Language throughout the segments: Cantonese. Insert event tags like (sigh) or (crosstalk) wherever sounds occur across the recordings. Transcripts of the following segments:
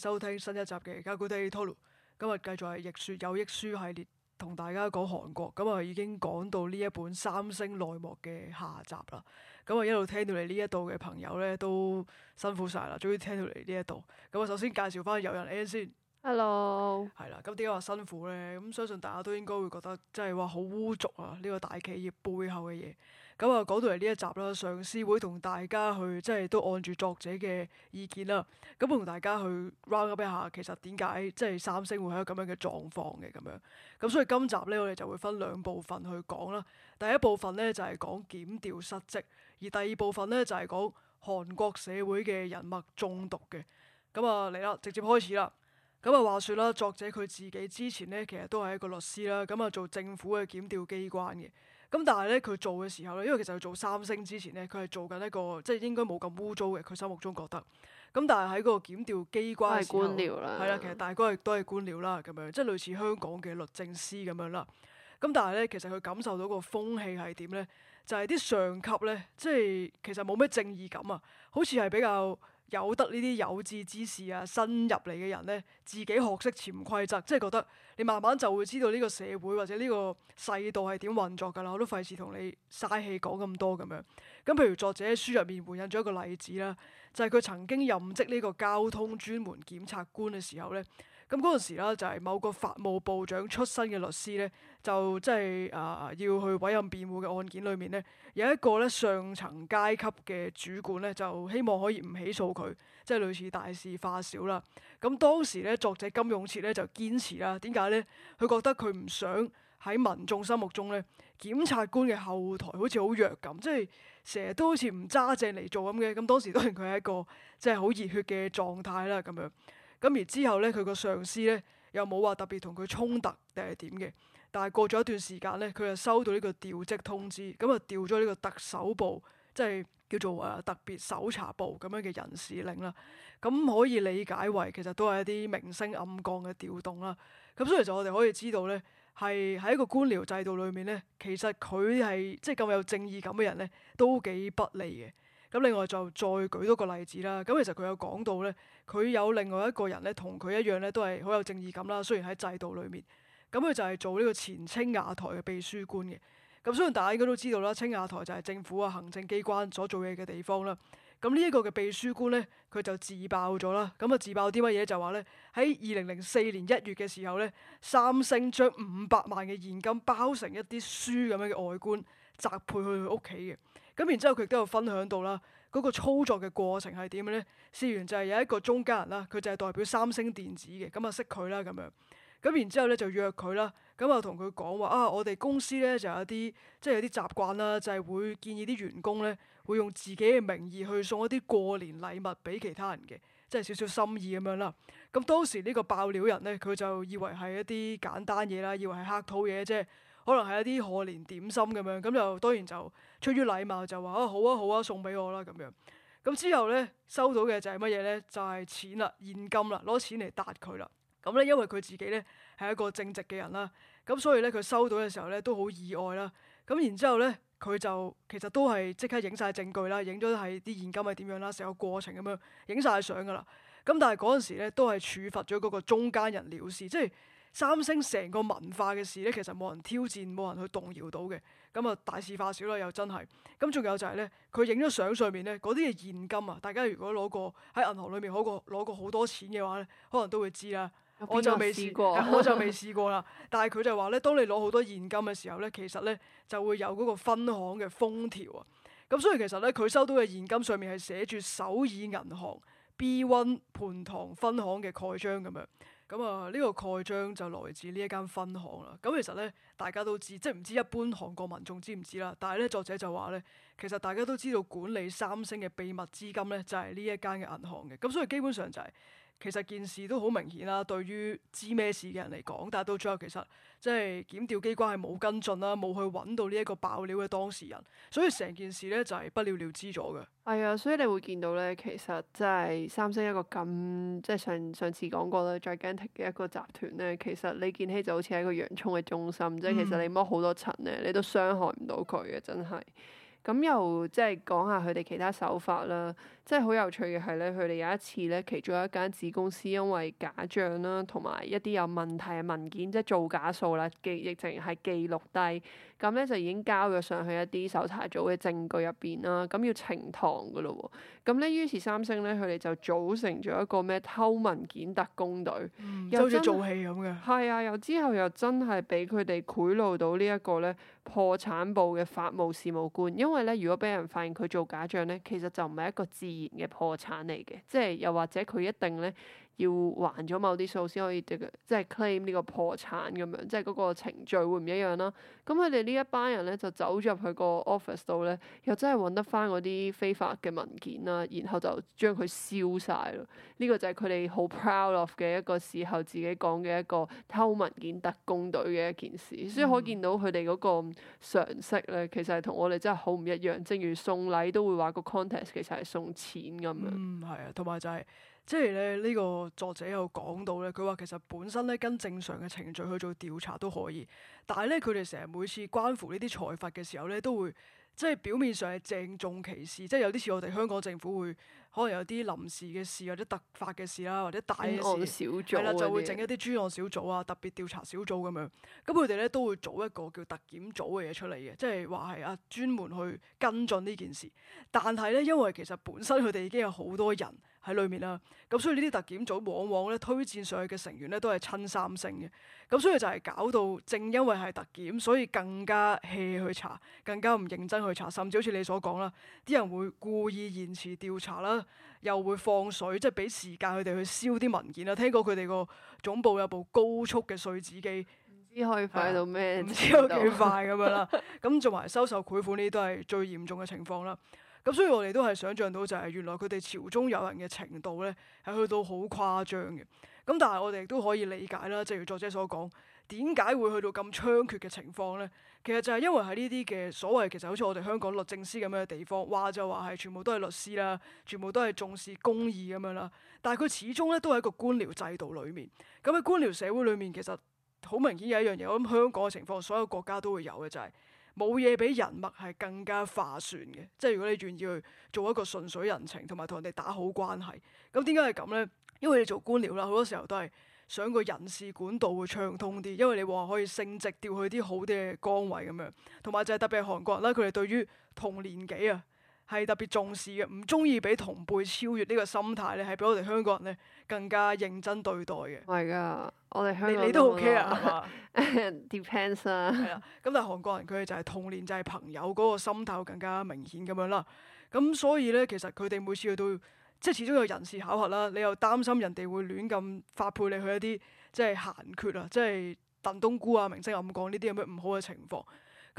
收聽新一集嘅《考古地》，透露今日繼續係逆說有益書系列，同大家講韓國咁啊，已經講到呢一本三星內幕嘅下集啦。咁啊，一路聽到嚟呢一度嘅朋友咧都辛苦晒啦，終於聽到嚟呢一度。咁我首先介紹翻有人 A 先，Hello 係啦。咁點解話辛苦咧？咁相信大家都應該會覺得真，即係話好污濁啊！呢、這個大企業背後嘅嘢。咁啊，講到嚟呢一集啦，上司會同大家去即係都按住作者嘅意見啦，咁同大家去 round up 一下，其實點解即係三星會係一個咁樣嘅狀況嘅咁樣。咁所以今集咧，我哋就會分兩部分去講啦。第一部分咧就係講檢調失職，而第二部分咧就係講韓國社會嘅人脈中毒嘅。咁啊嚟啦，直接開始啦。咁啊，話說啦，作者佢自己之前咧其實都係一個律師啦，咁啊做政府嘅檢調機關嘅。咁、嗯、但係咧，佢做嘅時候咧，因為其實佢做三星之前咧，佢係做緊一個即係應該冇咁污糟嘅，佢心目中覺得。咁但係喺嗰個檢調機關，官僚啦，係啦，其實大哥亦都係官僚啦，咁樣即係類似香港嘅律政司咁樣啦。咁但係咧，其實佢感受到個風氣係點咧？就係、是、啲上級咧，即係其實冇咩正義感啊，好似係比較。有得呢啲有志之士啊，新入嚟嘅人咧，自己學識潛規則，即係覺得，你慢慢就會知道呢個社會或者呢個世道係點運作噶啦。我都費事同你嘥氣講咁多咁樣。咁譬如作者書入面回引咗一個例子啦，就係、是、佢曾經任職呢個交通專門檢察官嘅時候咧。咁嗰陣時啦，就係某個法務部長出身嘅律師咧，就即係啊，要去委任辯護嘅案件裏面咧，有一個咧上層階級嘅主管咧，就希望可以唔起訴佢，即係類似大事化小啦。咁當時咧，作者金勇澈咧就堅持啦，點解咧？佢覺得佢唔想喺民眾心目中咧，檢察官嘅後台好似好弱咁，即係成日都好似唔揸正嚟做咁嘅。咁當時當然佢係一個即係好熱血嘅狀態啦，咁樣。咁而之後咧，佢個上司咧又冇話特別同佢衝突定係點嘅，但係過咗一段時間咧，佢就收到呢個調職通知，咁啊調咗呢個特首部，即係叫做誒特別搜查部咁樣嘅人事令啦。咁可以理解為其實都係一啲明升暗降嘅調動啦。咁所以就我哋可以知道咧，係喺一個官僚制度裏面咧，其實佢係即係咁有正義感嘅人咧，都幾不利嘅。咁另外就再舉多個例子啦。咁其實佢有講到咧，佢有另外一個人咧，同佢一樣咧，都係好有正義感啦。雖然喺制度裏面，咁佢就係做呢個前青瓦台嘅秘書官嘅。咁雖然大家應該都知道啦，青瓦台就係政府啊、行政機關所做嘢嘅地方啦。咁呢一個嘅秘書官咧，佢就自爆咗啦。咁啊自爆啲乜嘢就話咧，喺二零零四年一月嘅時候咧，三星將五百萬嘅現金包成一啲書咁樣嘅外觀，砸配去佢屋企嘅。咁然之後佢都有分享到啦，嗰個操作嘅過程係點嘅咧？事緣就係有一個中間人啦，佢就係代表三星電子嘅，咁啊識佢啦咁樣。咁然之後咧就約佢啦，咁啊同佢講話啊，我哋公司咧就有啲即係有啲習慣啦，就係會建議啲員工咧會用自己嘅名義去送一啲過年禮物俾其他人嘅，即係少少心意咁樣啦。咁當時呢個爆料人咧，佢就以為係一啲簡單嘢啦，以為係客套嘢啫。可能係一啲賀年點心咁樣，咁就當然就出於禮貌就話啊好啊好啊送俾我啦咁樣，咁之後咧收到嘅就係乜嘢咧就係錢啦現金啦攞錢嚟答佢啦，咁咧因為佢自己咧係一個正直嘅人啦，咁所以咧佢收到嘅時候咧都好意外啦，咁然之後咧佢就其實都係即刻影晒證據啦，影咗係啲現金係點樣啦，成個過程咁樣影晒相噶啦，咁但係嗰陣時咧都係處罰咗嗰個中間人了事，即係。三星成個文化嘅事咧，其實冇人挑戰，冇人去動搖到嘅。咁啊，大事化小啦，又真係。咁仲有就係咧，佢影咗相上面咧，嗰啲嘅現金啊，大家如果攞過喺銀行裏面攞過攞過好多錢嘅話咧，可能都會知啦。我就未試過，我就未試過啦。但係佢就話咧，當你攞好多現金嘅時候咧，其實咧就會有嗰個分行嘅封條啊。咁所以其實咧，佢收到嘅現金上面係寫住首爾銀行 B One 盤堂分行嘅蓋章咁樣。咁啊，呢、嗯這個蓋章就來自呢一間分行啦。咁、嗯、其實咧，大家都知，即係唔知一般韓國民眾知唔知啦。但係咧，作者就話咧，其實大家都知道管理三星嘅秘密資金咧，就係、是、呢一間嘅銀行嘅。咁、嗯、所以基本上就係、是。其實件事都好明顯啦，對於知咩事嘅人嚟講，但係到最後其實即係檢調機關係冇跟進啦，冇去揾到呢一個爆料嘅當事人，所以成件事咧就係、是、不了了之咗嘅。係啊、哎，所以你會見到咧，其實即係三星一個咁即係上上次講過啦，Gigantic 嘅一個集團咧，其實李健熙就好似係一個洋蔥嘅中心，嗯、即係其實你剝好多層咧，你都傷害唔到佢嘅，真係。咁又即係講下佢哋其他手法啦，即係好有趣嘅係咧，佢哋有一次咧，其中有一間子公司因為假賬啦，同埋一啲有問題嘅文件，即係造假數啦，記亦淨係記錄低。咁咧就已經交咗上去一啲搜查組嘅證據入邊啦，咁要呈堂㗎咯喎。咁咧於是三星咧佢哋就組成咗一個咩偷文件特工隊，嗯、又真係好似做戲咁嘅。係啊，又之後又真係俾佢哋賄賂到呢一個咧破產部嘅法務事務官，因為咧如果俾人發現佢做假帳咧，其實就唔係一個自然嘅破產嚟嘅，即係又或者佢一定咧，要還咗某啲數先可以即係 claim 呢個破產咁樣，即係嗰個程序會唔一樣啦。咁佢哋呢一班人咧就走入去個 office 度咧，又真係揾得翻嗰啲非法嘅文件啦，然後就將佢燒晒咯。呢個就係佢哋好 proud of 嘅一個時候，自己講嘅一個偷文件特工隊嘅一件事，嗯、所以可見到佢哋嗰個常識咧，其實係同我哋真係好唔一樣。正如送禮都會話個 contest 其實係送錢咁樣，嗯，係啊，同埋就係、是、即係咧呢個。作者有講到咧，佢話其實本身咧跟正常嘅程序去做調查都可以，但係咧佢哋成日每次關乎呢啲財閥嘅時候咧，都會即係表面上係鄭重其事，即係有啲似我哋香港政府會可能有啲臨時嘅事，或者突發嘅事啦，或者大案事，係啦、嗯、就會整一啲專案小組啊、些特別調查小組咁樣。咁佢哋咧都會組一個叫特檢組嘅嘢出嚟嘅，即係話係啊，專門去跟進呢件事。但係咧，因為其實本身佢哋已經有好多人。喺裏面啦，咁所以呢啲特檢組往往咧推薦上去嘅成員咧都係親三星嘅，咁所以就係搞到正因為係特檢，所以更加 hea 去查，更加唔認真去查，甚至好似你所講啦，啲人會故意延遲調查啦，又會放水，即係俾時間佢哋去燒啲文件啦。聽過佢哋個總部有部高速嘅碎紙機，唔知可以快到咩、啊？唔知有幾快咁 (laughs) 樣啦。咁做埋收受賄款呢啲都係最嚴重嘅情況啦。咁所以我哋都係想象到就係原來佢哋朝中有人嘅程度咧係去到好誇張嘅。咁但係我哋亦都可以理解啦，正如作者所講，點解會去到咁猖獗嘅情況咧？其實就係因為喺呢啲嘅所謂其實好似我哋香港律政司咁樣嘅地方，話就話係全部都係律師啦，全部都係重視公義咁樣啦。但係佢始終咧都係一個官僚制度裏面。咁喺官僚社會裏面，其實好明顯有一樣嘢。我諗香港嘅情況，所有國家都會有嘅就係、是。冇嘢比人脈係更加划算嘅，即係如果你願意去做一個順水人情，同埋同人哋打好關係，咁點解係咁咧？因為你做官僚啦，好多時候都係想個人事管道會暢通啲，因為你話可以升職調去啲好啲嘅崗位咁樣，同埋就係特別係韓國人啦，佢哋對於同年紀啊。係特別重視嘅，唔中意俾同輩超越呢個心態咧，係俾我哋香港人咧更加認真對待嘅。係㗎，我哋香港你你都 OK 啊 Depends，很多啊。係啦，咁但係韓國人佢哋就係童年就係朋友嗰個心態更加明顯咁樣啦。咁所以咧，其實佢哋每次去到即係始終有人事考核啦，你又擔心人哋會亂咁發配你去一啲即係閑缺啊，即係燉冬菇啊、明星暗講呢啲咁樣唔好嘅情況。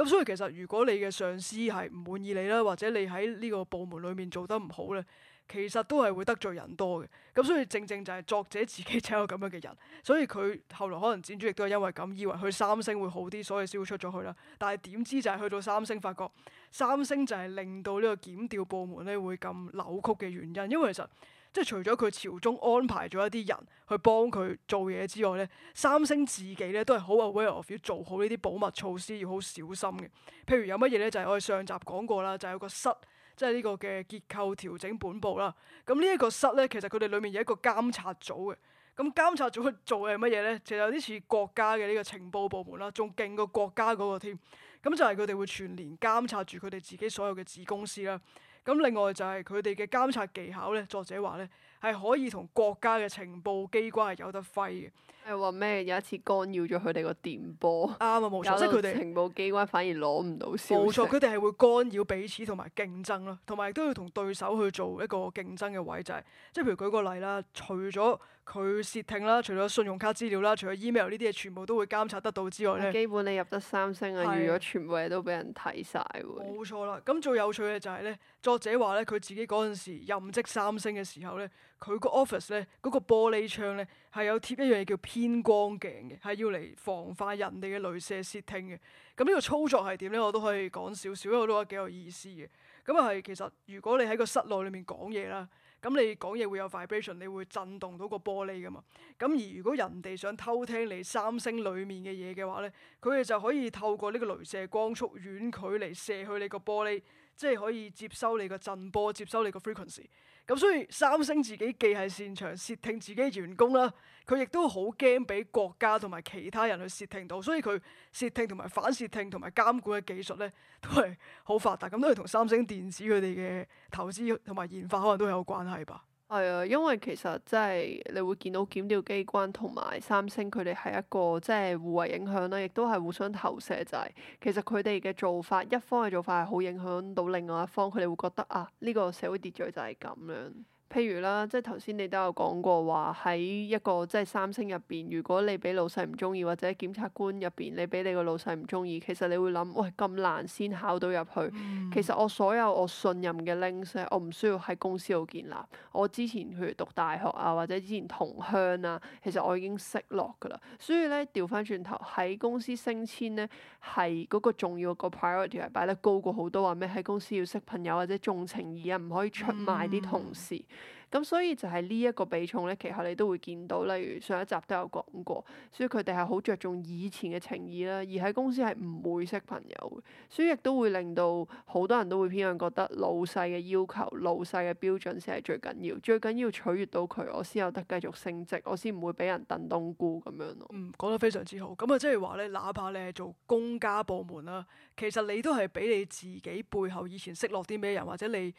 咁所以其實如果你嘅上司係唔滿意你啦，或者你喺呢個部門裏面做得唔好咧，其實都係會得罪人多嘅。咁所以正正就係作者自己就有咁樣嘅人，所以佢後來可能剪主亦都係因為咁，以為去三星會好啲，所以先會出咗去啦。但係點知就係去到三星，發覺三星就係令到呢個檢調部門咧會咁扭曲嘅原因，因為其實。即係除咗佢朝中安排咗一啲人去幫佢做嘢之外咧，三星自己咧都係好 aware of 要做好呢啲保密措施，要好小心嘅。譬如有乜嘢咧，就係我哋上集講過啦，就係有個室，即係呢個嘅結構調整本部啦。咁呢一個室咧，其實佢哋裡面有一個監察組嘅。咁監察組去做嘅係乜嘢咧？就有啲似國家嘅呢個情報部門啦，仲勁過國家嗰個添。咁就係佢哋會全年監察住佢哋自己所有嘅子公司啦。咁另外就係佢哋嘅監察技巧咧，作者話咧，係可以同國家嘅情報機關係有得揮嘅，係話咩？有一次干擾咗佢哋個電波，啱啊冇錯，即係佢哋情報機關反而攞唔到消息，冇錯，佢哋係會干擾彼此同埋競爭咯，同埋都要同對手去做一個競爭嘅位就係，即係譬如舉個例啦，除咗佢竊聽啦，除咗信用卡資料啦，除咗 email 呢啲嘢，全部都會監察得到之外咧，基本你入得三星啊，是如果全部嘢都俾人睇曬喎，冇錯啦。咁最有趣嘅就係咧，作者話咧，佢自己嗰陣時任職三星嘅時候咧。佢個 office 咧，嗰個玻璃窗咧係有貼一樣嘢叫偏光鏡嘅，係要嚟防範人哋嘅雷射竊聽嘅。咁呢個操作係點咧？我都可以講少少，因為我都覺得幾有意思嘅。咁啊係其實，如果你喺個室內裏面講嘢啦，咁你講嘢會有 vibration，你會震動到個玻璃噶嘛。咁而如果人哋想偷聽你三星裏面嘅嘢嘅話咧，佢哋就可以透過呢個雷射光速遠距離射去你個玻璃，即係可以接收你個震波，接收你個 frequency。咁所以三星自己既係擅長竊聽自己員工啦，佢亦都好驚俾國家同埋其他人去竊聽到，所以佢竊聽同埋反竊聽同埋監管嘅技術咧都係好發達，咁都係同三星電子佢哋嘅投資同埋研發可能都有關係吧。係啊，因為其實即係你會見到檢調機關同埋三星佢哋係一個即係互為影響啦，亦都係互相投射就係，其實佢哋嘅做法，一方嘅做法係好影響到另外一方，佢哋會覺得啊，呢個社會秩序就係咁樣。譬如啦，即係頭先你都有講過話喺一個即係三星入邊，如果你俾老細唔中意，或者檢察官入邊你俾你個老細唔中意，其實你會諗，喂，咁難先考到入去，嗯、其實我所有我信任嘅 links，我唔需要喺公司度建立。我之前譬如讀大學啊，或者之前同鄉啊，其實我已經識落㗎啦。所以咧調返轉頭喺公司升遷咧，係嗰個重要個 priority 係擺得高過好多話、啊、咩？喺公司要識朋友或者重情義啊，唔可以出賣啲同事。嗯。咁所以就係呢一個比重咧，其實你都會見到，例如上一集都有講過，所以佢哋係好着重以前嘅情義啦，而喺公司係唔會識朋友，所以亦都會令到好多人都會偏向覺得老細嘅要求、老細嘅標準先係最緊要，最緊要取悅到佢，我先有得繼續升職，我先唔會俾人燉冬菇咁樣咯。嗯，講得非常之好。咁啊，即係話咧，哪怕你係做公家部門啦，其實你都係俾你自己背後以前識落啲咩人，或者你。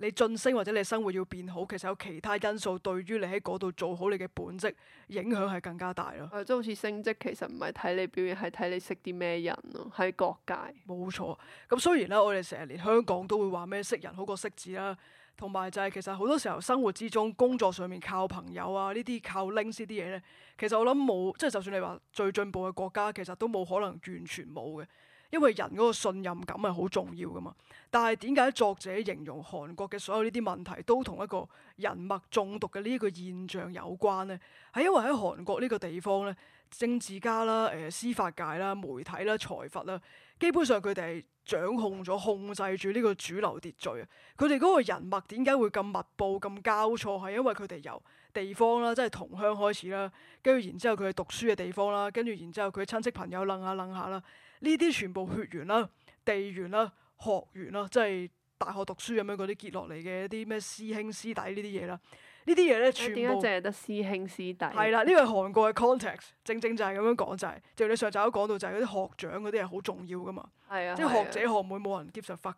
你晉升或者你生活要變好，其實有其他因素對於你喺嗰度做好你嘅本職影響係更加大咯。即係、啊、好似升職其實唔係睇你表現，係睇你識啲咩人咯，喺各界。冇錯。咁雖然咧，我哋成日連香港都會話咩識人好過識字啦，同埋就係其實好多時候生活之中、工作上面靠朋友啊呢啲靠 links 呢啲嘢咧，其實我諗冇，即係就算你話最進步嘅國家，其實都冇可能完全冇嘅。因為人嗰個信任感係好重要噶嘛，但係點解作者形容韓國嘅所有呢啲問題都同一個人脈中毒嘅呢一個現象有關咧？係因為喺韓國呢個地方咧，政治家啦、誒、呃、司法界啦、媒體啦、財閥啦，基本上佢哋係掌控咗、控制住呢個主流秩序啊。佢哋嗰個人脈點解會咁密佈、咁交錯？係因為佢哋由地方啦，即係同鄉開始啦，跟住然之後佢哋讀書嘅地方啦，跟住然之後佢嘅親戚朋友楞下楞下啦。呢啲全部血緣啦、地緣啦、學緣啦，即係大學讀書咁樣嗰啲結落嚟嘅一啲咩師兄師弟呢啲嘢啦，呢啲嘢咧全部點解淨係得師兄師弟？係啦，呢、呢個韓國嘅 context 正正就係咁樣講，就係、是、就你上集都講到，就係嗰啲學長嗰啲係好重要噶嘛。係啊，即係學姐學妹冇、啊、人 give 上 fuck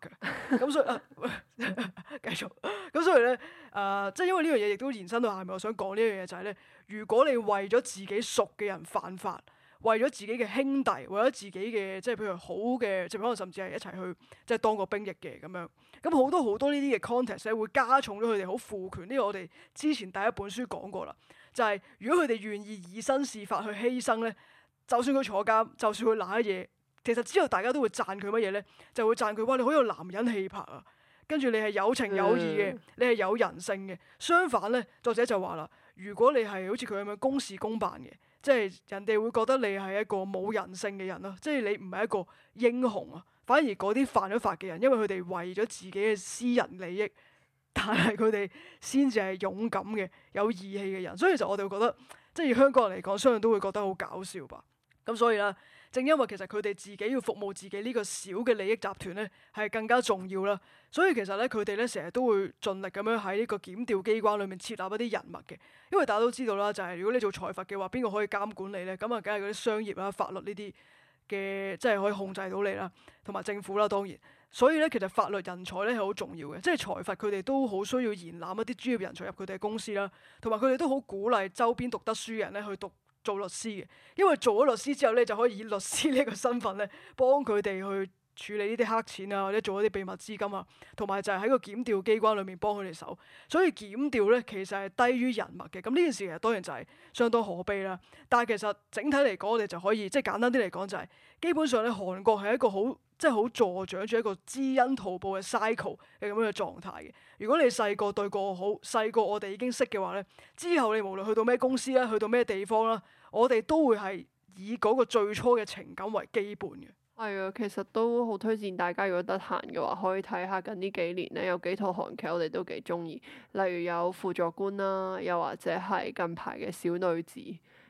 咁所以啊， (laughs) 繼續咁所以咧，誒、呃，即係因為呢樣嘢亦都延伸到下面，我想講呢樣嘢就係、是、咧，如果你為咗自己熟嘅人犯法。為咗自己嘅兄弟，為咗自己嘅即係譬如好嘅，即可能甚至係一齊去即係當過兵役嘅咁樣，咁好多好多呢啲嘅 context 咧，會加重咗佢哋好負權。呢、這個我哋之前第一本書講過啦，就係、是、如果佢哋願意以身試法去犧牲咧，就算佢坐監，就算佢瀨嘢，其實之後大家都會讚佢乜嘢咧，就會讚佢哇你好有男人氣魄啊，跟住你係有情有義嘅，嗯、你係有人性嘅。相反咧，作者就話啦。如果你係好似佢咁樣公事公辦嘅，即係人哋會覺得你係一個冇人性嘅人咯，即係你唔係一個英雄啊，反而嗰啲犯咗法嘅人，因為佢哋為咗自己嘅私人利益，但係佢哋先至係勇敢嘅、有義氣嘅人。所以其實我哋會覺得，即係以香港人嚟講，相信都會覺得好搞笑吧。咁所以咧。正因為其實佢哋自己要服務自己呢個小嘅利益集團咧，係更加重要啦。所以其實咧，佢哋咧成日都會盡力咁樣喺呢個檢調機關裏面設立一啲人物嘅。因為大家都知道啦，就係如果你做財閥嘅話，邊個可以監管你咧？咁啊，梗係嗰啲商業啊、法律呢啲嘅，即係可以控制到你啦，同埋政府啦，當然。所以咧，其實法律人才咧係好重要嘅。即係財閥佢哋都好需要延攬一啲專業人才入佢哋嘅公司啦，同埋佢哋都好鼓勵周邊讀得書嘅人咧去讀。做律師嘅，因為做咗律師之後咧，就可以以律師呢個身份咧，幫佢哋去處理呢啲黑錢啊，或者做一啲秘密資金啊，同埋就係喺個檢調機關裏面幫佢哋手。所以檢調咧其實係低於人脈嘅。咁呢件事其實當然就係相當可悲啦。但係其實整體嚟講，我哋就可以即係簡單啲嚟講，就係基本上咧，韓國係一個好。即係好助長住一個知恩圖報嘅 cycle 嘅咁樣嘅狀態嘅。如果你細個對個好，細個我哋已經識嘅話咧，之後你無論去到咩公司啦，去到咩地方啦，我哋都會係以嗰個最初嘅情感為基本嘅。係啊，其實都好推薦大家，如果得閒嘅話，可以睇下近呢幾年咧有幾套韓劇，我哋都幾中意，例如有《輔助官》啦，又或者係近排嘅《小女子》。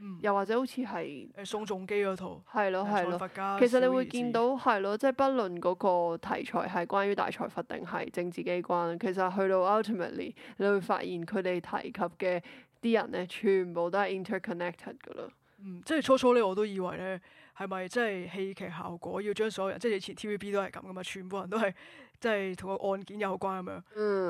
嗯，又或者好似係誒宋仲基嗰套，係咯，係咯，其實你會見到係咯，即係不論嗰個題材係關於大財閥定係政治機關，其實去到 ultimately，你會發現佢哋提及嘅啲人咧，全部都係 interconnected 噶啦。嗯，即係初初咧，我都以為咧，係咪即係戲劇效果要將所有人，即係以前 TVB 都係咁噶嘛，全部人都係即係同個案件有關咁樣。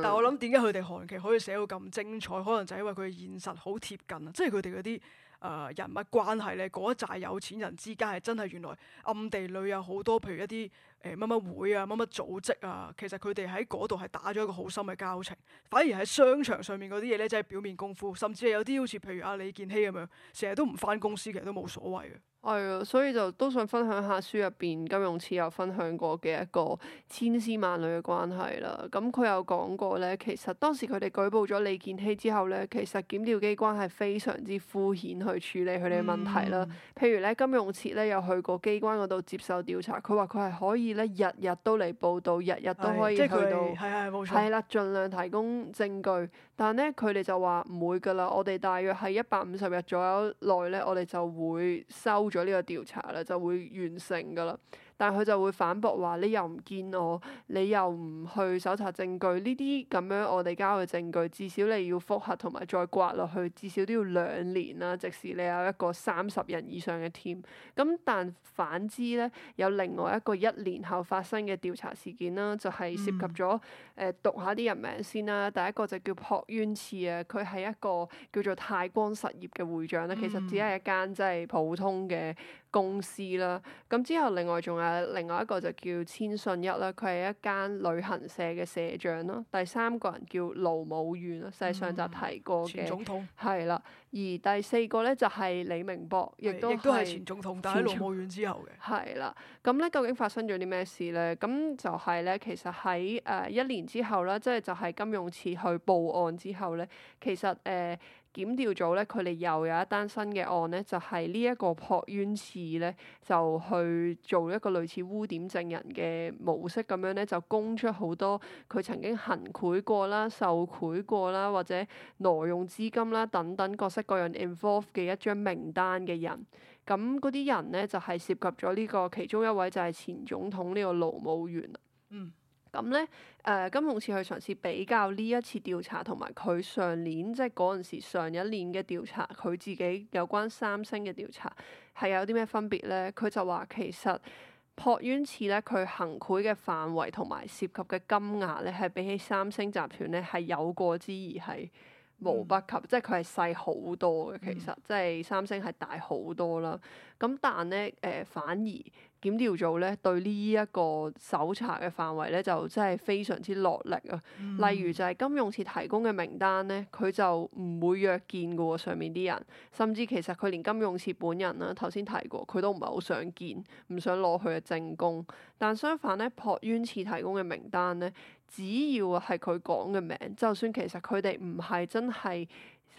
但係我諗點解佢哋韓劇可以寫到咁精彩，可能就係因為佢嘅現實好貼近啊，即係佢哋嗰啲。誒、呃、人物關係咧，嗰一扎有錢人之間係真係原來暗地裏有好多，譬如一啲誒乜乜會啊、乜乜組織啊，其實佢哋喺嗰度係打咗一個好深嘅交情，反而喺商場上面嗰啲嘢咧，真係表面功夫，甚至係有啲好似譬如阿李健熙咁樣，成日都唔翻公司，其實都冇所謂啊。係啊，所以就都想分享下書入邊金庸徹有分享過嘅一個千絲萬縷嘅關係啦。咁佢有講過咧，其實當時佢哋舉報咗李建熙之後咧，其實檢調機關係非常之敷衍去處理佢哋嘅問題啦。嗯、譬如咧，金庸徹咧有去過機關嗰度接受調查，佢話佢係可以咧日日都嚟報到，日日都可以去到，係係冇錯，係啦，盡量提供證據。但咧，佢哋就話唔會㗎喇，我哋大約喺一百五十日左右內咧，我哋就會收咗呢個調查喇，就會完成㗎喇。但佢就會反駁話：你又唔見我，你又唔去搜查證據，呢啲咁樣我哋交嘅證據，至少你要復核同埋再刮落去，至少都要兩年啦、啊。即使你有一個三十人以上嘅 team，咁但反之咧，有另外一個一年後發生嘅調查事件啦、啊，就係、是、涉及咗誒、嗯呃、讀下啲人名先啦、啊。第一個就叫朴淵池啊，佢係一個叫做泰光實業嘅會長啦、啊，其實只係一間即係普通嘅。公司啦，咁之後另外仲有另外一個就叫千信一啦，佢係一間旅行社嘅社長啦，第三個人叫盧武鉉，係上集就提過嘅總統，係啦、嗯。而第四個咧就係李明博，亦都係前總統，但喺盧武鉉之後嘅。係啦，咁咧究竟發生咗啲咩事咧？咁就係咧，其實喺誒一年之後啦，即係就係、是、金勇澈去報案之後咧，其實誒。呃檢調組咧，佢哋又有一單新嘅案咧，就係呢一個朴淵次咧，就去做一個類似污點證人嘅模式咁樣咧，就供出好多佢曾經行賄過啦、受賄過啦，或者挪用資金啦等等各式各樣 involv 嘅一張名單嘅人。咁嗰啲人咧就係涉及咗呢個其中一位就係前總統呢個盧武鉉，嗯。咁咧，誒、呃、金鳳池去嘗試比較呢一次調查同埋佢上年，即係嗰陣時上一年嘅調查，佢自己有關三星嘅調查係有啲咩分別咧？佢就話其實朴婉次咧，佢行賄嘅範圍同埋涉及嘅金額咧，係比起三星集團咧係有過之而係無不及，即係佢係細好多嘅，其實、嗯、即係三星係大好多啦。咁但咧，誒、呃、反而檢調組咧對呢一個搜查嘅範圍咧，就真係非常之落力啊。嗯、例如就係金庸祠提供嘅名單咧，佢就唔會約見嘅喎，上面啲人，甚至其實佢連金庸祠本人啦，頭先提過，佢都唔係好想見，唔想攞佢嘅證供。但相反咧，朴淵祠提供嘅名單咧。只要係佢講嘅名，就算其實佢哋唔係真係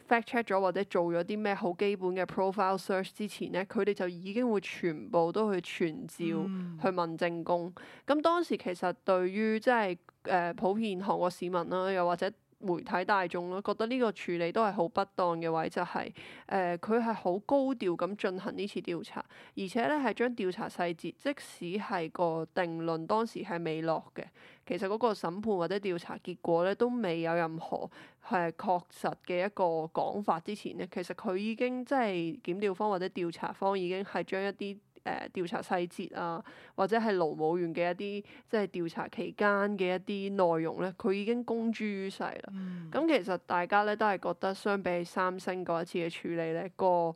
fact check 咗或者做咗啲咩好基本嘅 profile search 之前咧，佢哋就已經會全部都去傳召、嗯、去問證供。咁當時其實對於即係誒普遍韓國市民啦、啊，又或者。媒體大眾咯，覺得呢個處理都係好不當嘅位，就係誒佢係好高調咁進行呢次調查，而且咧係將調查細節，即使係個定論當時係未落嘅，其實嗰個審判或者調查結果咧都未有任何係確實嘅一個講法之前咧，其實佢已經即係、就是、檢調方或者調查方已經係將一啲，誒、呃、調查細節啊，或者係勞務員嘅一啲，即係調查期間嘅一啲內容咧，佢已經公諸於世啦。咁、嗯嗯、其實大家咧都係覺得，相比起三星嗰一次嘅處理咧，個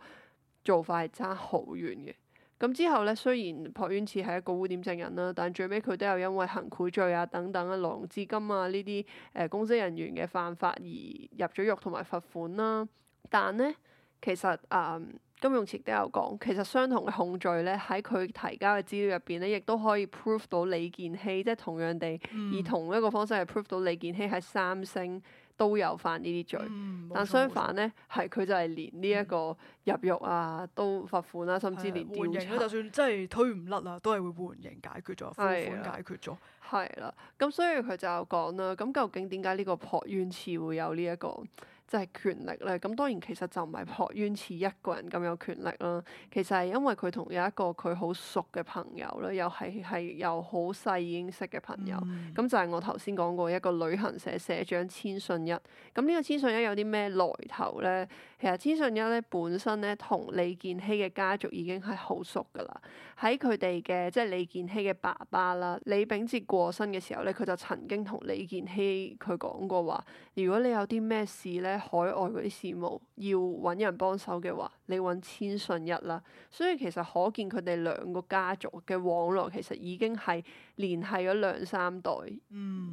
做法係差好遠嘅。咁、嗯、之後咧，雖然朴婉次係一個污點證人啦，但最尾佢都有因為行賄罪啊等等啊挪用資金啊呢啲誒公職人員嘅犯法而入咗獄同埋罰款啦。但咧其實誒。呃金融業都有講，其實相同嘅控罪咧，喺佢提交嘅資料入邊咧，亦都可以 p r o o f 到李健熙，即係同樣地以、嗯、同一個方式係 p r o o f 到李健熙喺三星都有犯呢啲罪。嗯、但相反咧，係佢錯就係連呢一個入獄啊，都罰款啦、啊，甚至連緩刑、嗯。就算真係推唔甩啊，都係會緩刑解決咗，罰款解決咗。係啦、啊，咁、嗯、所以佢就講啦，咁究竟點解呢個樸冤慈會有呢、這、一個？即係權力咧，咁當然其實就唔係朴槿惠一個人咁有權力啦，其實係因為佢同有一個佢好熟嘅朋友咧，又係係又好細已經識嘅朋友，咁、嗯、就係我頭先講過一個旅行社社長千信一，咁呢個千信一有啲咩來頭咧？其實千信一咧本身咧同李健熙嘅家族已經係好熟㗎喇，喺佢哋嘅即係李健熙嘅爸爸啦，李秉哲過身嘅時候咧，佢就曾經同李健熙佢講過話，如果你有啲咩事咧海外嗰啲事務要搵人幫手嘅話。你揾千信一啦，所以其實可見佢哋兩個家族嘅網絡其實已經係聯繫咗兩三代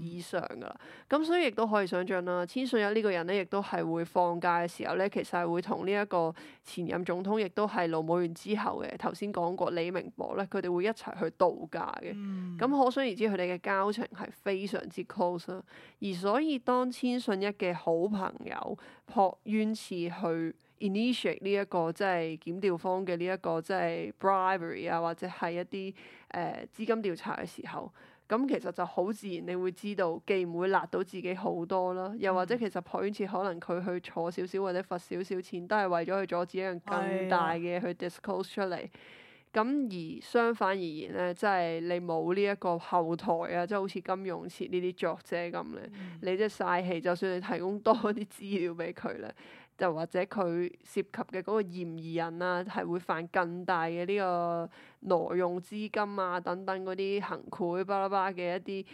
以上噶啦。咁、嗯、所以亦都可以想象啦，千信一呢個人咧，亦都係會放假嘅時候咧，其實係會同呢一個前任總統，亦都係盧武鉉之後嘅頭先講過李明博咧，佢哋會一齊去度假嘅。咁、嗯、可想而知，佢哋嘅交情係非常之 close 啦。而所以當千信一嘅好朋友朴淵賜去、嗯。Initiate 呢、這、一個即係、就是、檢調方嘅呢一個即係、就是、bribery 啊，或者係一啲誒、呃、資金調查嘅時候，咁其實就好自然，你會知道既唔會辣到自己好多啦，又或者其實破冤賊可能佢去坐少少或者罰少少錢，都係為咗去阻止一樣更大嘅去 disclose 出嚟。咁的而相反而言咧，即、就、係、是、你冇呢一個後台啊，即、就、係、是、好似金融賊呢啲作者咁咧，嗯、你即係嘥氣，就算你提供多啲資料俾佢咧。就或者佢涉及嘅嗰個嫌疑人啊，係會犯更大嘅呢個挪用資金啊，等等嗰啲行賄巴拉巴嘅一啲。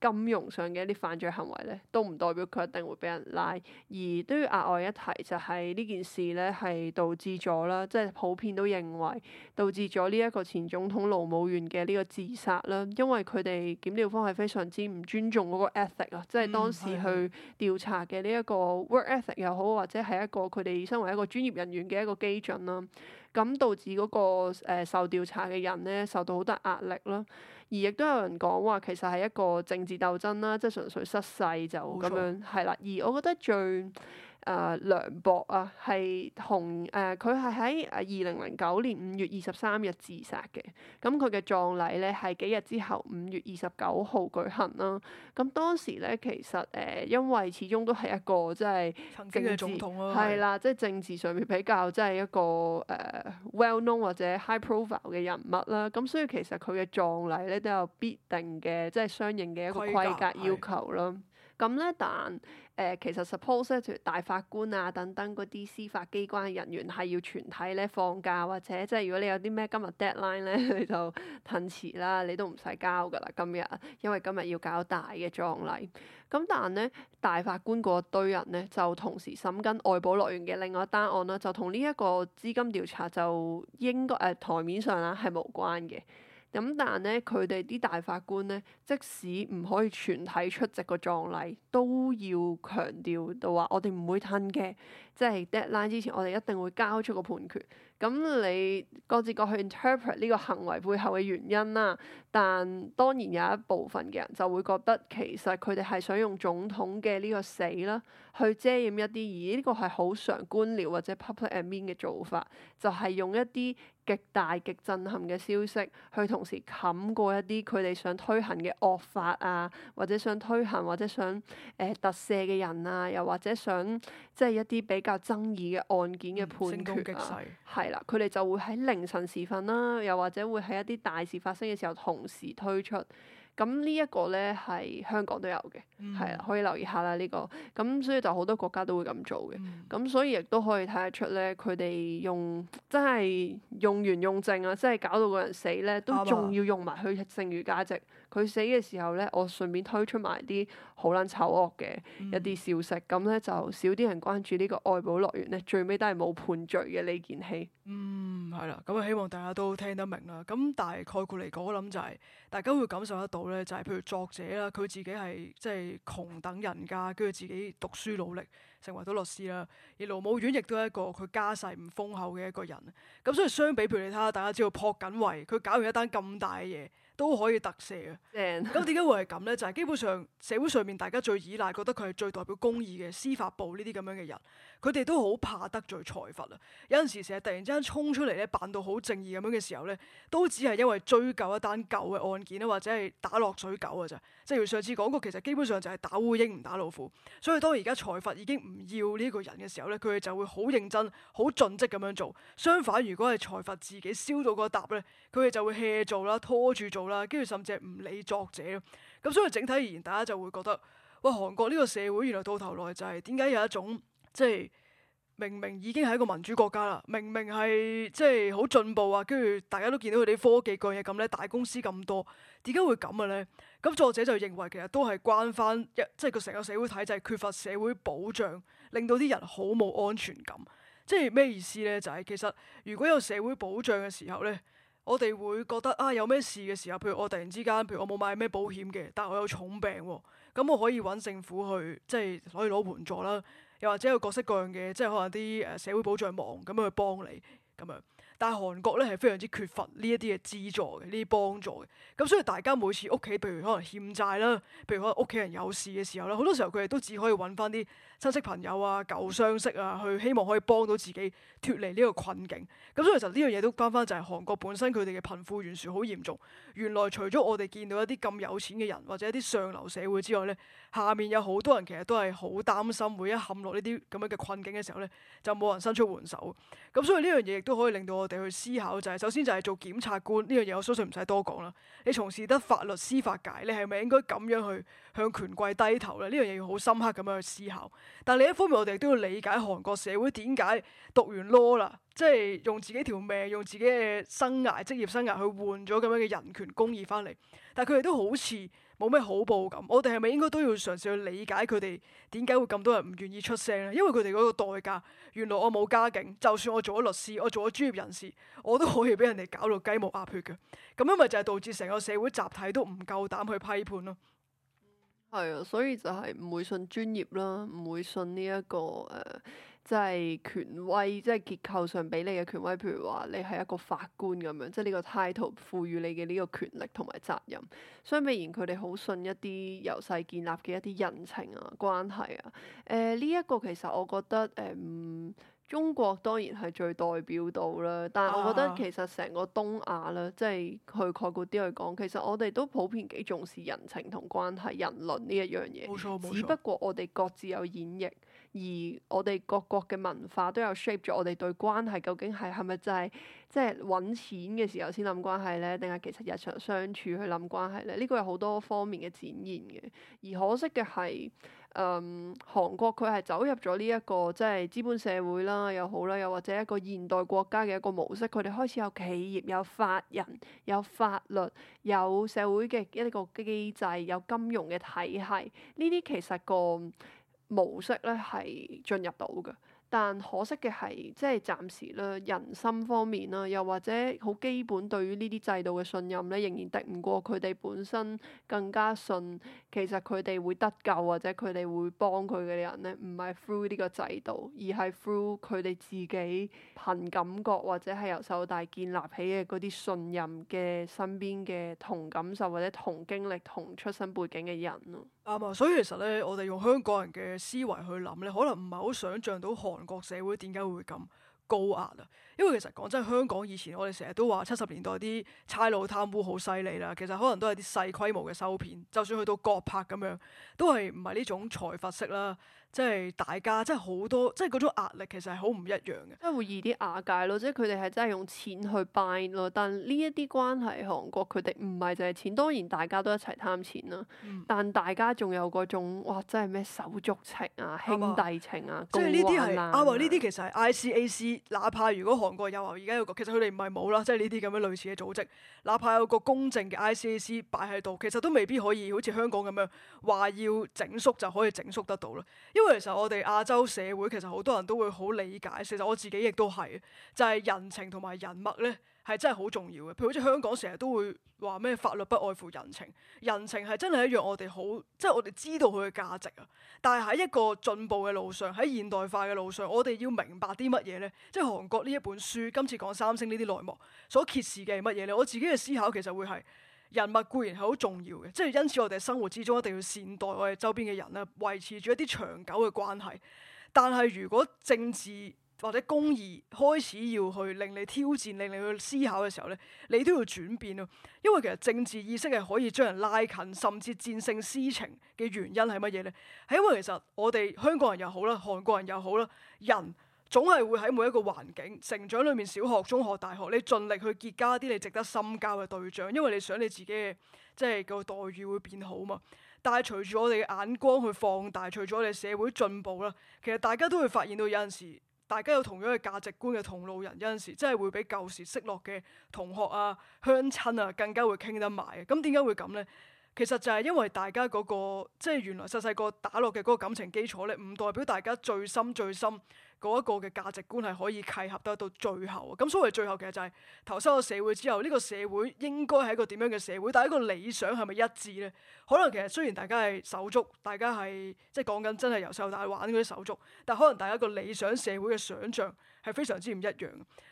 金融上嘅一啲犯罪行為咧，都唔代表佢一定會俾人拉。而都要額外一提就係、是、呢件事咧，係導致咗啦，即係普遍都認為導致咗呢一個前總統盧武鉉嘅呢個自殺啦。因為佢哋檢調方係非常之唔尊重嗰個 ethic 啊，即係當時去調查嘅呢一個 work ethic 又好，或者係一個佢哋身為一個專業人員嘅一個基準啦。咁導致嗰、那個、呃、受調查嘅人咧，受到好大壓力啦。而亦都有人講話，其實係一個政治鬥爭啦，即係純粹失勢就咁樣，係醜啦。而我覺得最誒、呃、梁博啊，係同誒佢係喺二零零九年五月二十三日自殺嘅，咁佢嘅葬禮咧係幾日之後五月二十九號舉行啦。咁當時咧其實誒、呃，因為始終都係一個即係政治，係啦、啊，即係、即係、政治上面比較即係一個誒、uh, well known 或者 high profile 嘅人物啦。咁所以其實佢嘅葬禮咧都有必定嘅即係相應嘅一個規格要求啦。咁咧，但誒、呃、其實 suppose 咧，大法官啊等等嗰啲司法機關人員係要全體咧放假，或者即係如果你有啲咩今日 deadline 咧，你就騰遲啦，你都唔使交噶啦，今日因為今日要搞大嘅葬禮。咁但咧，大法官嗰堆人咧就同時審緊愛寶樂園嘅另外一單案啦，就同呢一個資金調查就應該誒、呃、台面上啦係無關嘅。咁但咧，佢哋啲大法官咧，即使唔可以全體出席個葬禮，都要強調到話：我哋唔會吞嘅，即係 deadline 之前，我哋一定會交出個判決。咁你各自各去 interpret 呢個行為背後嘅原因啦。但當然有一部分嘅人就會覺得，其實佢哋係想用總統嘅呢個死啦，去遮掩一啲，而呢個係好常官僚或者 public admin 嘅做法，就係用一啲。極大極震撼嘅消息，去同時冚過一啲佢哋想推行嘅惡法啊，或者想推行或者想誒特、呃、赦嘅人啊，又或者想即係一啲比較爭議嘅案件嘅判決啊，係啦、嗯，佢哋就會喺凌晨時分啦、啊，又或者會喺一啲大事發生嘅時候同時推出。咁呢一個咧係香港都有嘅，係啊、嗯，可以留意下啦呢、這個。咁所以就好多國家都會咁做嘅。咁、嗯、所以亦都可以睇得出咧，佢哋用真係用完用剩啊，真係搞到個人死咧，都仲要用埋去剩餘價值。佢、嗯、死嘅時候咧，我順便推出埋啲好撚醜惡嘅一啲消息，咁咧、嗯、就少啲人關注呢個愛寶樂園咧，最尾都係冇判罪嘅呢件事。這個戲。嗯，係啦，咁、嗯、啊，希望大家都聽得明啦。咁大概括嚟講，我諗就係大家會感受得到咧，就係、是、譬如作者啦，佢自己係即係窮等人㗎，跟住自己讀書努力，成為咗律師啦。而盧武鉉亦都係一個佢家世唔豐厚嘅一個人。咁所以相比，譬如你睇下大家知道朴槿惠，佢搞完一單咁大嘅嘢都可以特赦啊。咁點解會係咁咧？就係、是、基本上社會上面大家最依賴，覺得佢係最代表公義嘅司法部呢啲咁樣嘅人。佢哋都好怕得罪財閥啊。有陣時成日突然之間衝出嚟咧，扮到好正義咁樣嘅時候咧，都只係因為追究一單舊嘅案件啊，或者係打落水狗嘅咋？即係上次講過，其實基本上就係打烏蠅唔打老虎。所以當而家財閥已經唔要呢個人嘅時候咧，佢哋就會好認真、好盡職咁樣做。相反，如果係財閥自己燒到個答咧，佢哋就會 hea 做啦、拖住做啦，跟住甚至係唔理作者囉。咁所以整體而言，大家就會覺得：哇！韓國呢個社會原來到頭來就係點解有一種？即係明明已經係一個民主國家啦，明明係即係好進步啊，跟住大家都見到佢哋科技各樣嘢咁咧，大公司咁多，點解會咁嘅咧？咁作者就認為其實都係關翻一，即係個成個社會體制缺乏社會保障，令到啲人好冇安全感。即係咩意思咧？就係、是、其實如果有社會保障嘅時候咧，我哋會覺得啊，有咩事嘅時候，譬如我突然之間，譬如我冇買咩保險嘅，但我有重病，喎，咁我可以揾政府去，即係可以攞援助啦。又或者有各式各樣嘅，即係可能啲社會保障網咁樣去幫你咁樣。但係韓國咧係非常之缺乏呢一啲嘅資助嘅，呢啲幫助嘅，咁所以大家每次屋企譬如可能欠債啦，譬如可能屋企人有事嘅時候咧，好多時候佢哋都只可以揾翻啲親戚朋友啊、舊相識啊，去希望可以幫到自己脫離呢個困境。咁所以其實呢樣嘢都翻翻就係韓國本身佢哋嘅貧富懸殊好嚴重。原來除咗我哋見到一啲咁有錢嘅人或者一啲上流社會之外咧，下面有好多人其實都係好擔心，每一陷落呢啲咁樣嘅困境嘅時候咧，就冇人伸出援手。咁所以呢樣嘢亦都可以令到我哋去思考就係，首先就係做檢察官呢樣嘢，我相信唔使多講啦。你從事得法律司法界，你係咪應該咁樣去向權貴低頭咧？呢樣嘢要好深刻咁樣去思考。但另一方面，我哋都要理解韓國社會點解讀完 law 啦，即係用自己條命、用自己嘅生涯、職業生涯去換咗咁樣嘅人權公義翻嚟。但係佢哋都好似。冇咩好報咁，我哋係咪應該都要嘗試去理解佢哋點解會咁多人唔願意出聲咧？因為佢哋嗰個代價，原來我冇家境，就算我做咗律師，我做咗專業人士，我都可以俾人哋搞到雞毛鴨血嘅。咁樣咪就係導致成個社會集體都唔夠膽去批判咯。係啊，所以就係唔會信專業啦，唔會信呢、這、一個誒。呃即係權威，即、就、係、是、結構上俾你嘅權威，譬如話你係一個法官咁樣，即係呢個 title 賦予你嘅呢個權力同埋責任。相比而言，佢哋好信一啲由細建立嘅一啲人情啊、關係啊。誒、呃，呢、這、一個其實我覺得誒，嗯、呃，中國當然係最代表到啦，但係我覺得其實成個東亞啦，即係、啊、去概括啲去講，其實我哋都普遍幾重視人情同關係、人倫呢一樣嘢。冇錯，只不過我哋各自有演繹。而我哋各國嘅文化都有 shape 咗我哋對關係究竟係係咪就係即係揾錢嘅時候先諗關係咧，定係其實日常相處去諗關係咧？呢個有好多方面嘅展現嘅。而可惜嘅係，嗯，韓國佢係走入咗呢一個即係資本社會啦，又好啦，又或者一個現代國家嘅一個模式。佢哋開始有企業、有法人、有法律、有社會嘅一個機制、有金融嘅體系。呢啲其實個模式咧係進入到嘅，但可惜嘅係，即係暫時咧人心方面啦，又或者好基本對於呢啲制度嘅信任咧，仍然敵唔過佢哋本身更加信，其實佢哋會得救或者佢哋會幫佢嘅人咧，唔係 through 呢個制度，而係 through 佢哋自己憑感覺或者係由細到大建立起嘅嗰啲信任嘅身邊嘅同感受或者同經歷同出身背景嘅人咯。啊、嗯、所以其實咧，我哋用香港人嘅思維去諗咧，可能唔係好想像到韓國社會點解會咁高壓啊。因為其實講真，香港以前我哋成日都話七十年代啲差佬貪污好犀利啦，其實可能都係啲細規模嘅收片，就算去到國拍咁樣，都係唔係呢種財閥式啦。即係大家，即係好多，即係嗰種壓力其實係好唔一樣嘅，即係會易啲瓦解咯。即係佢哋係真係用錢去 buy 咯，但呢一啲關係，韓國佢哋唔係淨係錢，當然大家都一齊貪錢啦。嗯、但大家仲有嗰種哇，真係咩手足情啊、兄弟情啊，即係呢啲係啊，呢啲、啊啊、其實係 ICAC。哪怕如果韓國有而家有個，其實佢哋唔係冇啦，即係呢啲咁樣類似嘅組織。哪怕有個公正嘅 ICAC 擺喺度，其實都未必可以好似香港咁樣話要整縮就可以整縮得到啦。因為其實我哋亞洲社會其實好多人都會好理解，其實我自己亦都係，就係人情同埋人脈咧係真係好重要嘅。譬如好似香港成日都會話咩法律不外乎人情，人情係真係一樣我哋好，即係我哋知道佢嘅價值啊。但係喺一個進步嘅路上，喺現代化嘅路上，我哋要明白啲乜嘢咧？即係韓國呢一本書今次講三星呢啲內幕所揭示嘅係乜嘢咧？我自己嘅思考其實會係。人物固然係好重要嘅，即係因此我哋生活之中一定要善待我哋周邊嘅人啦，維持住一啲長久嘅關係。但係如果政治或者公義開始要去令你挑戰、令你去思考嘅時候咧，你都要轉變咯。因為其實政治意識係可以將人拉近，甚至戰勝私情嘅原因係乜嘢咧？係因為其實我哋香港人又好啦，韓國人又好啦，人，總係會喺每一個環境成長裏面，小學、中學、大學，你盡力去結交啲你值得深交嘅對象，因為你想你自己嘅，即係個待遇會變好嘛。但係隨住我哋嘅眼光去放大，隨住我哋社會進步啦，其實大家都會發現到有陣時，大家有同樣嘅價值觀嘅同路人，有陣時真係會比舊時識落嘅同學啊、鄉親啊，更加會傾得埋嘅。咁點解會咁咧？其實就係因為大家嗰、那個即係原來細細個打落嘅嗰個感情基礎咧，唔代表大家最深最深嗰一個嘅價值觀係可以契合得到最後啊！咁所以最後其實就係投身咗社會之後，呢、這個社會應該係一個點樣嘅社會？但係一個理想係咪一致咧？可能其實雖然大家係手足，大家係即係講緊真係由細到大玩嗰啲手足，但可能大家一個理想社會嘅想象係非常之唔一樣。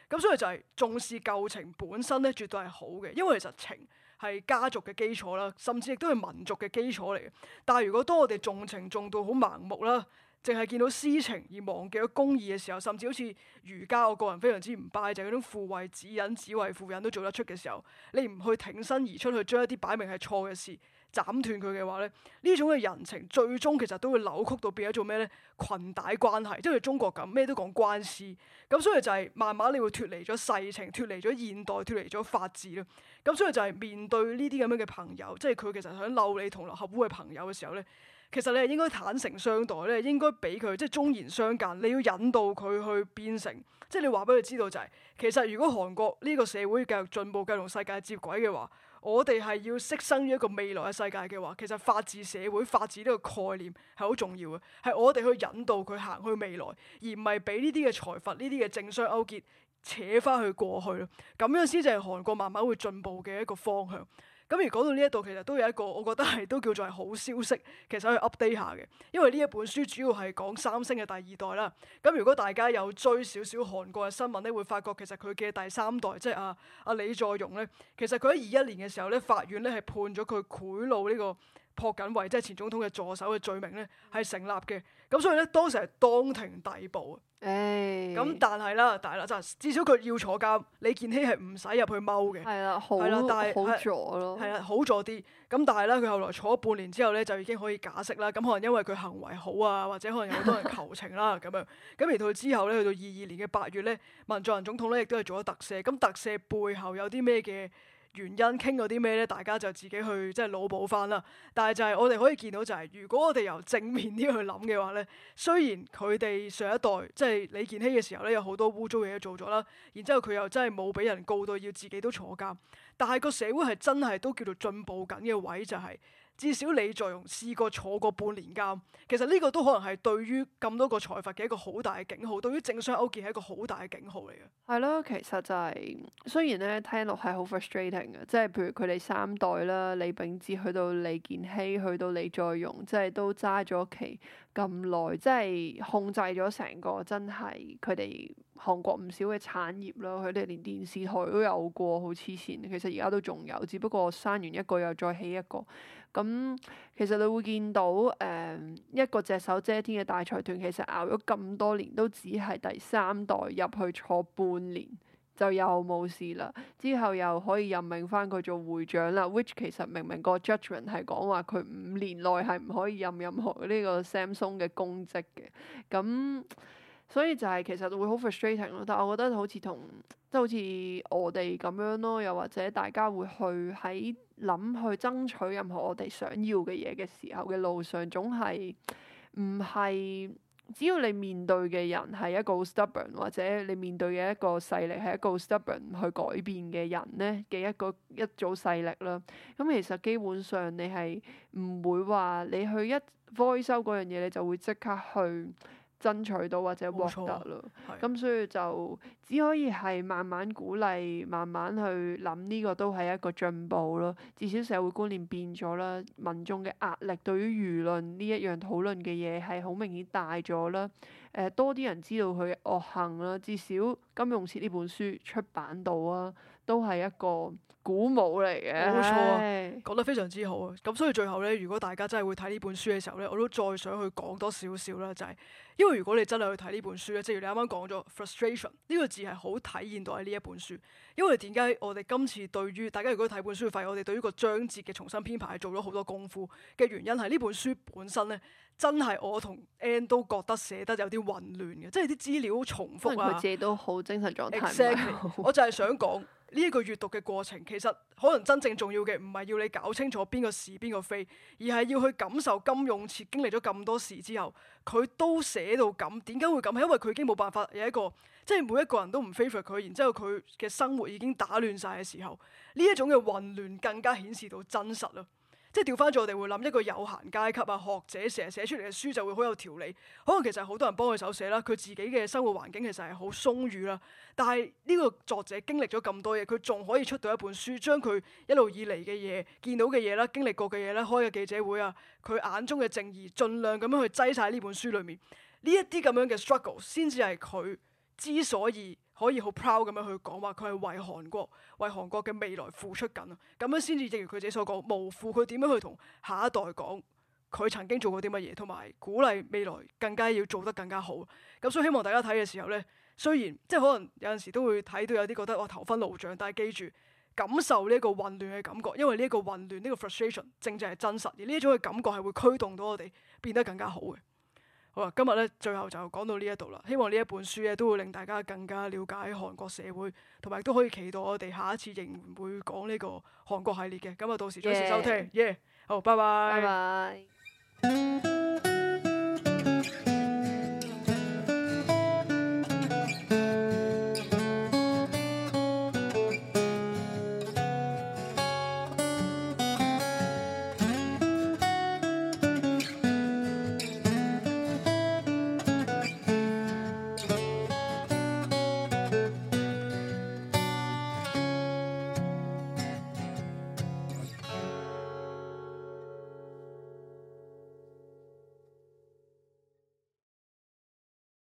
咁所以就係重視舊情本身咧，絕對係好嘅，因為其實情。係家族嘅基礎啦，甚至亦都係民族嘅基礎嚟嘅。但係如果當我哋重情重到好盲目啦，淨係見到私情而忘記咗公義嘅時候，甚至好似儒家，我個人非常之唔拜，就係嗰種父為子隱、子為父隱都做得出嘅時候，你唔去挺身而出去將一啲擺明係錯嘅事斬斷佢嘅話咧，呢種嘅人情最終其實都會扭曲到變咗做咩咧？裙帶關係，即係中國咁咩都講關係，咁所以就係慢慢你會脫離咗世情，脫離咗現代，脫離咗法治咯。咁所以就係面對呢啲咁樣嘅朋友，即係佢其實想溜你同流合污嘅朋友嘅時候咧。其實你係應該坦誠相待咧，你應該俾佢即係忠言相間。你要引導佢去變成，即係你話俾佢知道就係、是，其實如果韓國呢個社會繼續進步，繼續同世界接軌嘅話，我哋係要適生於一個未來嘅世界嘅話，其實法治社會、法治呢個概念係好重要嘅，係我哋去引導佢行去未來，而唔係俾呢啲嘅財閥、呢啲嘅政商勾結扯翻去過去咯。咁樣先至係韓國慢慢會進步嘅一個方向。咁而講到呢一度，其實都有一個，我覺得係都叫做係好消息，其實可以 update 下嘅，因為呢一本書主要係講三星嘅第二代啦。咁如果大家有追少少韓國嘅新聞咧，你會發覺其實佢嘅第三代即係、就是、啊啊李在鎔咧，其實佢喺二一年嘅時候咧，法院咧係判咗佢賄賂呢、這個。朴槿惠，即係前總統嘅助手嘅罪名咧，係成立嘅。咁所以咧，當時係當庭逮捕。誒、哎，咁但係咧，大啦就至少佢要坐監。李建熙係唔使入去踎嘅。係啦，好，係啦，但係好咗咯。係啦，好咗啲。咁但係咧，佢後來坐咗半年之後咧，就已經可以假釋啦。咁可能因為佢行為好啊，或者可能有好多人求情啦，咁 (laughs) 樣。咁而到佢之後咧，去到二二年嘅八月咧，文在寅總統咧亦都係做咗特赦。咁特赦背後有啲咩嘅？原因傾到啲咩咧？大家就自己去即係腦補翻啦。但係就係我哋可以見到、就係，就係如果我哋由正面啲去諗嘅話咧，雖然佢哋上一代即係李健熙嘅時候咧，有好多污糟嘢做咗啦，然之後佢又真係冇俾人告到要自己都坐監，但係個社會係真係都叫做進步緊嘅位就係、係。至少李在鎔試過坐過半年監，其實呢個都可能係對於咁多個財閥嘅一個好大嘅警號，對於政商勾結係一個好大嘅警號嚟嘅。係咯，其實就係、係、雖然咧聽落係好 frustrating 嘅，即係譬如佢哋三代啦，李秉智去到李健熙，去到李在鎔，即係都揸咗旗。咁耐，即係控制咗成個，真係佢哋韓國唔少嘅產業咯。佢哋連電視台都有，過好黐線，其實而家都仲有，只不過生完一個又再起一個。咁其實你會見到誒、呃、一個隻手遮天嘅大財團，其實熬咗咁多年都只係第三代入去坐半年。就又冇事啦，之後又可以任命翻佢做會長啦。Which 其實明明個 judgment 係講話佢五年內係唔可以任任何呢個 Samsung 嘅公職嘅，咁所以就係其實會好 frustrating 咯。但我覺得好似同即係好似我哋咁樣咯，又或者大家會去喺諗去爭取任何我哋想要嘅嘢嘅時候嘅路上，總係唔係？只要你面對嘅人係一個好 stubborn，或者你面對嘅一個勢力係一個好 stubborn 去改變嘅人咧嘅一個一組勢力啦，咁、嗯、其實基本上你係唔會話你去一 voice 收嗰樣嘢，你就會即刻去。爭取到或者獲得咯，咁冇錯，所以就只可以係慢慢鼓勵，慢慢去諗呢個都係一個進步咯。至少社會觀念變咗啦，民眾嘅壓力對於輿論呢一樣討論嘅嘢係好明顯大咗啦。誒、呃，多啲人知道佢嘅惡行啦。至少《金融詞》呢本書出版到啊，都係一個。鼓舞嚟嘅，冇錯，講、哎、得非常之好啊！咁所以最後咧，如果大家真係會睇呢本書嘅時候咧，我都再想去講多少少啦，就係、是、因為如果你真係去睇呢本書咧，正、就、如、是、你啱啱講咗 frustration 呢、這個字係好體現到喺呢一本書。因為點解我哋今次對於大家如果睇本書嘅話，發現我哋對於個章節嘅重新編排做咗好多功夫嘅原因係呢本書本身咧，真係我同 Anne 都覺得寫得有啲混亂嘅，即係啲資料好重複啊。可能佢自己都好精神狀態。Exactly, (laughs) 我就係想講呢一、這個閲讀嘅過程，其實其實可能真正重要嘅唔係要你搞清楚邊個是邊個非，而係要去感受金庸似經歷咗咁多事之後，佢都寫到咁，點解會咁？係因為佢已經冇辦法有一個，即係每一個人都唔 favor 佢，然之後佢嘅生活已經打亂曬嘅時候，呢一種嘅混亂更加顯示到真實咯。即係調翻轉，我哋會諗一個有閒階級啊，學者成日寫出嚟嘅書就會好有條理。可能其實好多人幫佢手寫啦，佢自己嘅生活環境其實係好鬆裕啦。但係呢個作者經歷咗咁多嘢，佢仲可以出到一本書，將佢一路以嚟嘅嘢、見到嘅嘢啦、經歷過嘅嘢啦、開嘅記者會啊，佢眼中嘅正義，盡量咁樣去擠晒喺呢本書裏面。呢一啲咁樣嘅 struggle，先至係佢之所以。可以好 proud 咁樣去講話，佢係為韓國、為韓國嘅未來付出緊啊！咁樣先至正如佢自己所講，無負佢點樣去同下一代講佢曾經做過啲乜嘢，同埋鼓勵未來更加要做得更加好。咁所以希望大家睇嘅時候咧，雖然即係可能有陣時都會睇到有啲覺得哇頭昏腦脹，但係記住感受呢一個混亂嘅感覺，因為呢一個混亂、呢個 frustration 正正係真實，而呢一種嘅感覺係會驅動到我哋變得更加好嘅。好，今日咧最後就講到呢一度啦。希望呢一本書咧都會令大家更加了解韓國社會，同埋都可以期待我哋下一次仍會講呢個韓國系列嘅。咁啊，到時準時收聽 y Yeah.、yeah. 好，拜拜。Bye bye. (music)